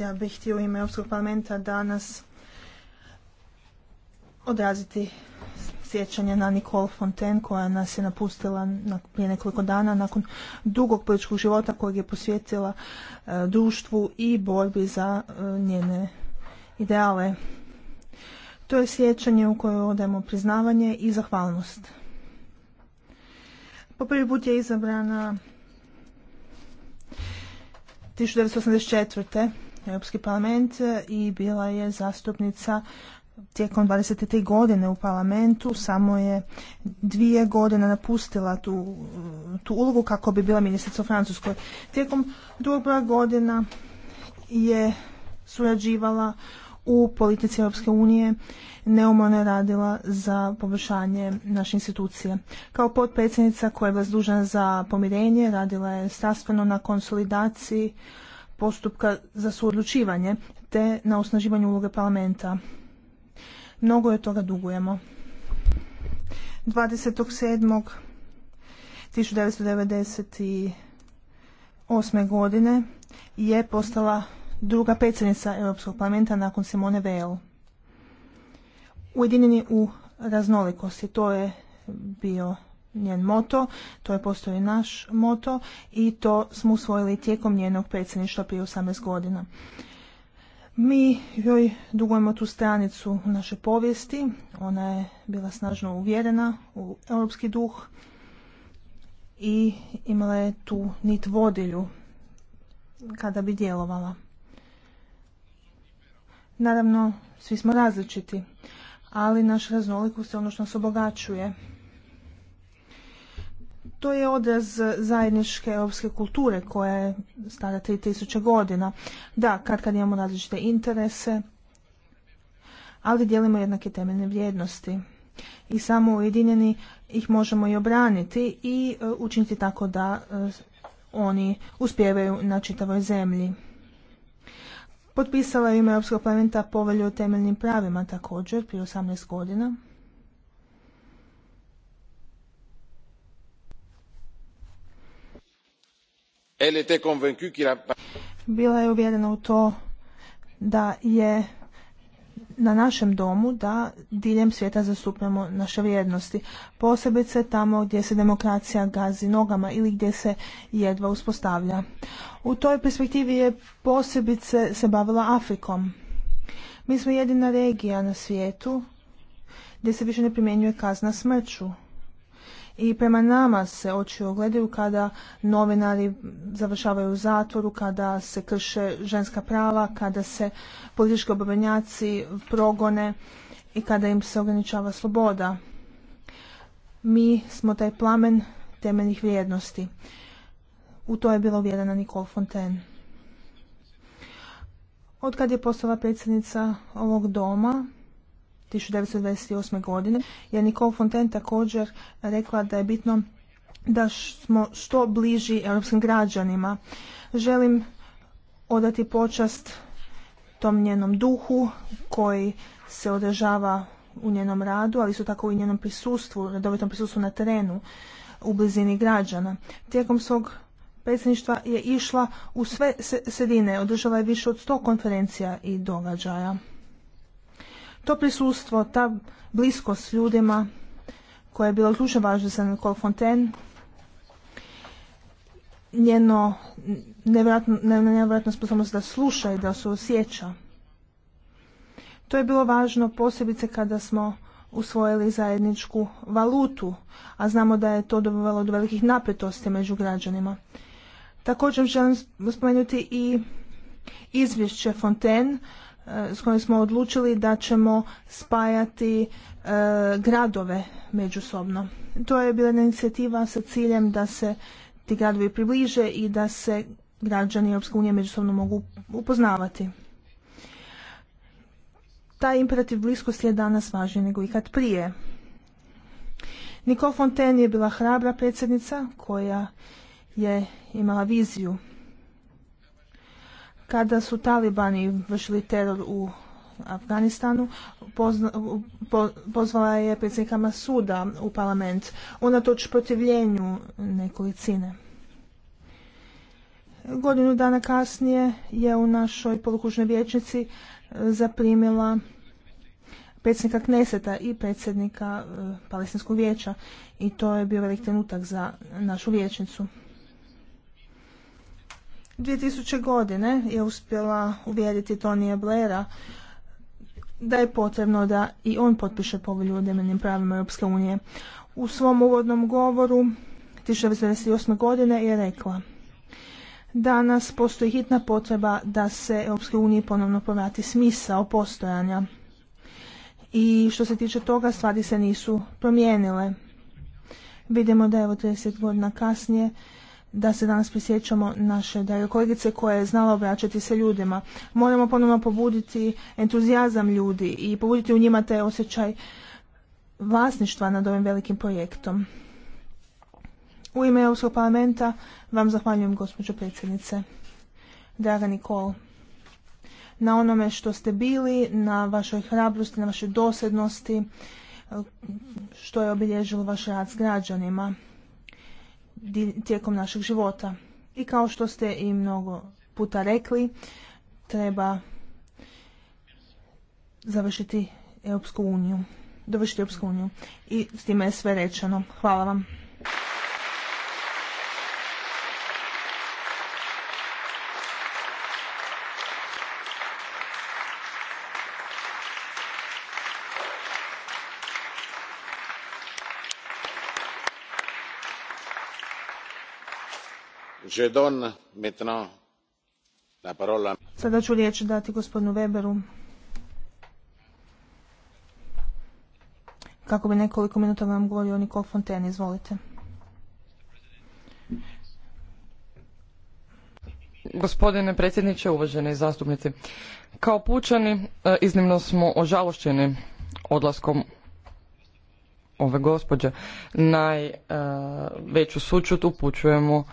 Ja bih htio u ime Europskog parlamenta danas odraziti sjećanje na Nicole Fontaine koja nas je napustila prije nekoliko dana nakon dugog političkog života kojeg je posvetila e, društvu i borbi za e, njene ideale. To je sjećanje u kojoj odajemo priznavanje i zahvalnost. Po prvi put je izabrana 1984. Europski parlament e, i bila je zastupnica tijekom 23 godine u parlamentu, samo je dvije godine napustila tu, tu ulogu kako bi bila ministrica u Francuskoj. Tijekom drugog godina je surađivala u politici Europske unije neumorno je radila za poboljšanje naše institucije. Kao potpredsjednica koja je vas za pomirenje, radila je strastveno na konsolidaciji postupka za suodlučivanje te na osnaživanju uloge parlamenta. Mnogo je toga dugujemo. 27. 1998. godine je postala druga predsjednica Europskog parlamenta nakon Simone Veil. Ujedinjeni u raznolikosti, to je bio njen moto, to je postoji naš moto i to smo usvojili tijekom njenog predsjedništva prije 18 godina. Mi joj dugujemo tu stranicu naše povijesti, ona je bila snažno uvjerena u europski duh i imala je tu nit vodilju kada bi djelovala. Naravno, svi smo različiti, ali naš raznolikost je ono što nas obogačuje to je odraz zajedničke europske kulture koja je stara 3000 godina. Da, kad kad imamo različite interese, ali dijelimo jednake temeljne vrijednosti. I samo ujedinjeni ih možemo i obraniti i e, učiniti tako da e, oni uspjevaju na čitavoj zemlji. Potpisala je ime Europskog parlamenta povelju o temeljnim pravima također prije 18 godina. Bila je uvjerena u to da je na našem domu da diljem svijeta zastupamo naše vrijednosti. Posebice tamo gdje se demokracija gazi nogama ili gdje se jedva uspostavlja. U toj perspektivi je posebice se bavila Afrikom. Mi smo jedina regija na svijetu gdje se više ne primjenjuje kazna smrću i prema nama se oči ogledaju kada novinari završavaju u zatvoru, kada se krše ženska prava, kada se politički obavljanjaci progone i kada im se ograničava sloboda. Mi smo taj plamen temeljnih vrijednosti. U to je bila uvjerena Nicole Fontaine. Od kad je postala predsjednica ovog doma, 1928. godine je Nicole Fontaine također rekla da je bitno da smo što bliži europskim građanima. Želim odati počast tom njenom duhu koji se održava u njenom radu, ali isto tako i njenom prisustvu, redovitom prisustvu na terenu u blizini građana. Tijekom svog predsjedništva je išla u sve sredine, održala je više od sto konferencija i događaja. To prisustvo, ta bliskost s ljudima koja je bila ključno važna za Nicole Fontaine, njeno nevratno sposobnost da sluša i da se osjeća. To je bilo važno posebice kada smo usvojili zajedničku valutu, a znamo da je to dovelo do velikih napetosti među građanima. Također želim spomenuti i izvješće Fontaine E, s kojim smo odlučili da ćemo spajati e, gradove međusobno. To je bila inicijativa sa ciljem da se ti gradovi približe i da se građani Europske unije međusobno mogu upoznavati. Taj imperativ bliskosti je danas važniji nego ikad prije. Nicole Fontaine je bila hrabra predsjednica koja je imala viziju kada su talibani vršili teror u Afganistanu, pozvala je predsjednika suda u parlament, unatoč protivljenju nekolicine. Godinu dana kasnije je u našoj polukužnoj vječnici e, zaprimila predsjednika Kneseta i predsjednika e, Palestinskog vijeća i to je bio velik trenutak za našu vječnicu. 2000. godine je uspjela uvjeriti Tonya Blaira da je potrebno da i on potpiše povelju o temeljnim pravima Europske unije. U svom uvodnom govoru 1998. godine je rekla Danas postoji hitna potreba da se Europske uniji ponovno povrati smisao postojanja. I što se tiče toga, stvari se nisu promijenile. Vidimo da evo 30 godina kasnije da se danas prisjećamo naše kolegice koja je znala obraćati se ljudima. Moramo ponovno pobuditi entuzijazam ljudi i pobuditi u njima taj osjećaj vlasništva nad ovim velikim projektom. U ime Europskog parlamenta vam zahvaljujem gospođo predsjednice. Draga Nikol, na onome što ste bili, na vašoj hrabrosti, na vašoj dosljednosti, što je obilježilo vaš rad s građanima tijekom našeg života. I kao što ste i mnogo puta rekli, treba završiti Europsku uniju, dovršiti Europsku uniju. I s time je sve rečeno. Hvala vam. Sada ću riječ dati gospodinu Weberu kako bi nekoliko minuta vam govorio Nikol Fonten. Izvolite. Gospodine predsjedniče, uvaženi zastupnici. Kao pučani e, iznimno smo ožalošćeni odlaskom ove gospođe. Najveću e, sučut upućujemo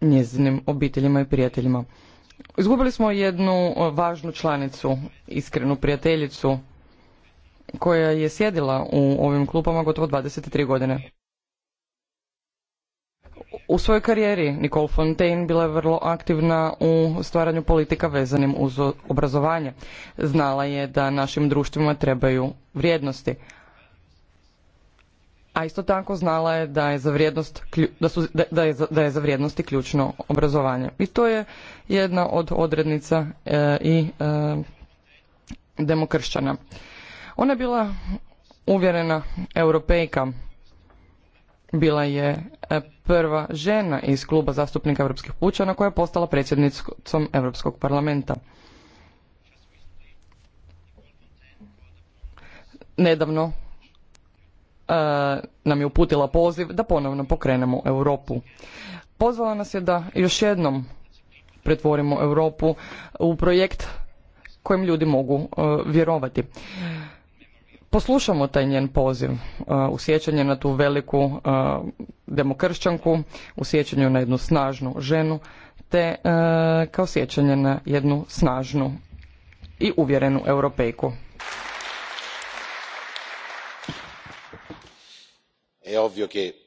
njezinim obiteljima i prijateljima. Izgubili smo jednu e, važnu članicu, iskrenu prijateljicu, koja je sjedila u ovim klupama gotovo 23 godine. U svojoj karijeri Nicole Fontaine bila je vrlo aktivna u stvaranju politika vezanim uz obrazovanje. Znala je da našim društvima trebaju vrijednosti, a isto tako znala je da je za vrijednost da, su, da, je, da je za vrijednosti ključno obrazovanje i to je jedna od odrednica e, i e, demokršćana ona je bila uvjerena europejka bila je e, prva žena iz kluba zastupnika europskih pučana koja je postala predsjednicom europskog parlamenta nedavno E, nam je uputila poziv da ponovno pokrenemo Europu. Pozvala nas je da još jednom pretvorimo Europu u projekt kojem ljudi mogu e, vjerovati. Poslušamo taj njen poziv e, u sjećanje na tu veliku demokršćanku, u na jednu snažnu ženu, te kao sjećanje na jednu snažnu i uvjerenu europejku. è ovvio che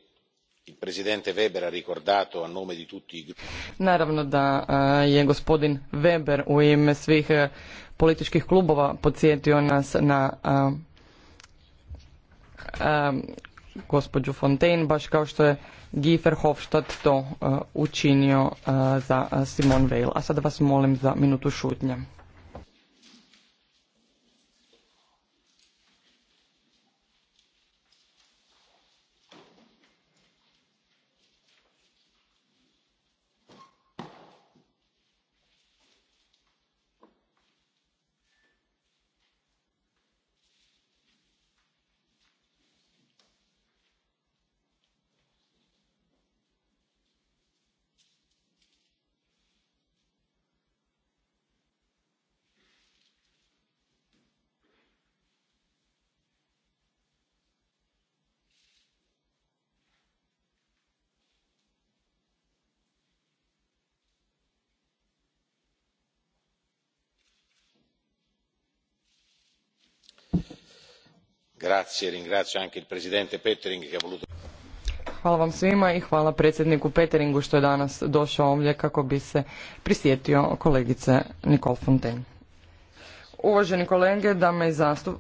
il presidente weber ha ricordato a nome di tutti i naravno da eh, je gospodin weber u ime svih eh, političkih klubova podsjetio nas na eh, gospođu Fontaine, baš kao što je Guy Verhofstadt to učinio za Simon Veil. A sada vas molim za minutu šutnje. Grazie, ringrazio anche il presidente Petering che ha voluto... Hvala vam svima i hvala predsjedniku Peteringu što je danas došao ovdje kako bi se prisjetio kolegice Nicole Fontaine. Uvaženi kolege, dame i zastup,